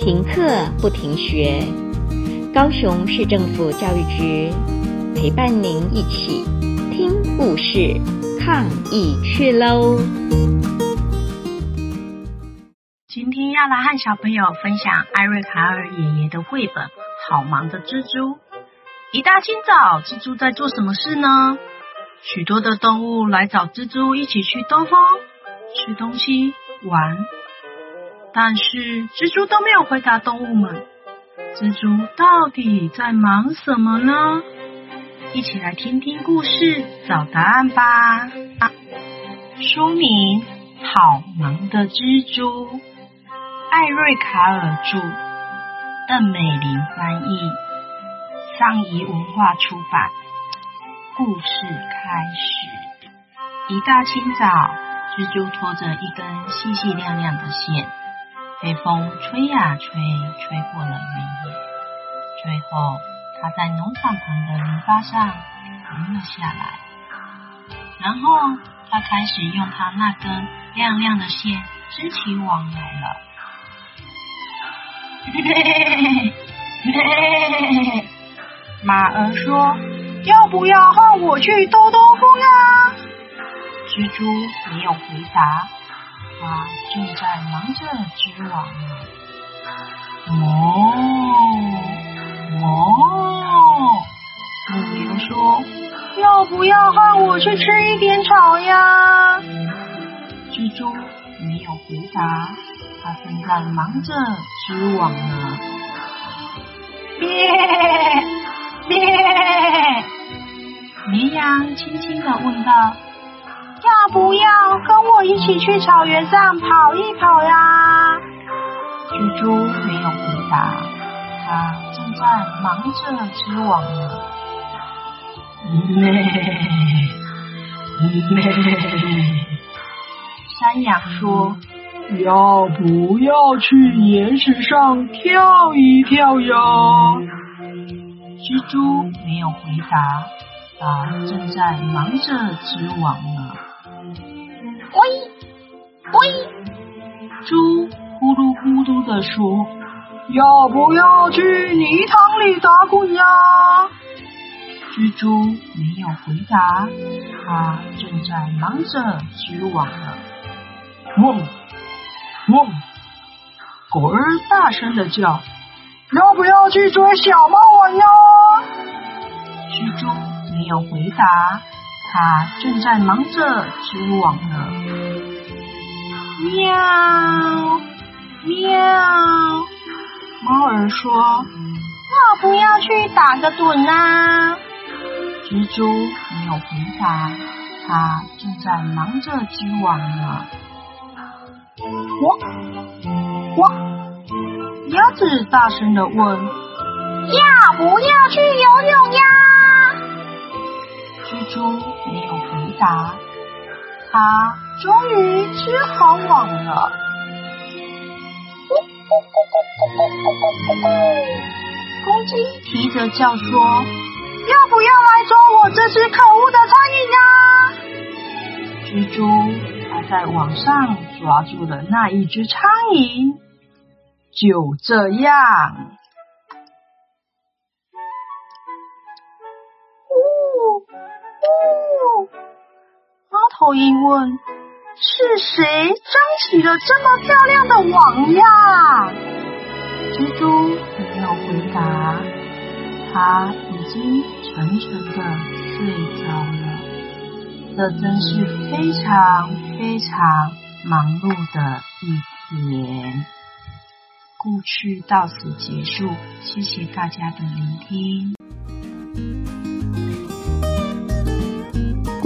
停課不停學，高雄市政府教育局陪伴您一起聽故事，抗疫去嘍！今天要來和小朋友分享艾瑞卡爾爺爺的繪本《好忙的蜘蛛》。一大清早，蜘蛛在做什麼事呢？許多的動物來找蜘蛛，一起去兜風、吃東西、玩。但是蜘蛛都沒有回答動物們。蜘蛛到底在忙什麼呢？一起來聽聽故事，找答案吧。啊、書名：好忙的蜘蛛，艾瑞卡爾著，鄧美玲翻譯，上誼文化出版。故事開始。一大清早，蜘蛛拖着一根細細亮亮的線。被風吹呀吹，吹過了原野，最後它在農場旁的籬笆上停了下來。然後，它開始用它那根亮亮的線織起網來了。嘿嘿嘿嘿嘿嘿，馬兒說：“要不要和我去兜兜風啊？”蜘蛛沒有回答。他正、啊、在忙着織網呢。哦，哦，綿、哦、牛說：“要不要和我去吃一點草呀、嗯？”蜘蛛沒有回答，他正在忙着織網呢。咩咩，綿羊輕輕地問道。要不要跟我一起去草原上跑一跑呀？蜘蛛沒有回答，它正在忙着織網呢。咩咩。山羊說：“要不要去岩石上跳一跳呀？”蜘蛛沒有回答，它正在忙着織網呢。喂，喂，豬咕嚕咕嚕地說：“要不要去泥塘裡打滾呀？”蜘蛛沒有回答，它正在忙着織網呢。嗡、嗯、嗡、嗯，狗兒大聲地叫：“要不要去追小貓玩、啊、呀？”蜘蛛沒有回答。他正在忙着織網呢。喵喵，貓兒說：“要不要去打個盹啊？”蜘蛛沒有回答，他正在忙着織網呢。我我，鴨子大聲地問：“要不要去游泳呀？”蜘蛛沒有回答，它終於織好網了。咕咕咕咕咕咕咕咕咕咕，公雞啼着叫說：“要不要來抓我這隻可惡的蒼蠅啊？”蜘蛛還在網上抓住了那一隻蒼蠅，就這樣。哦，貓頭鷹問：“是誰張起了這麼漂亮的網呀？”蜘蛛沒有回答，他已經沉沉的睡着了。這真是非常非常忙碌的一天。故事到此結束，謝謝大家的聆聽。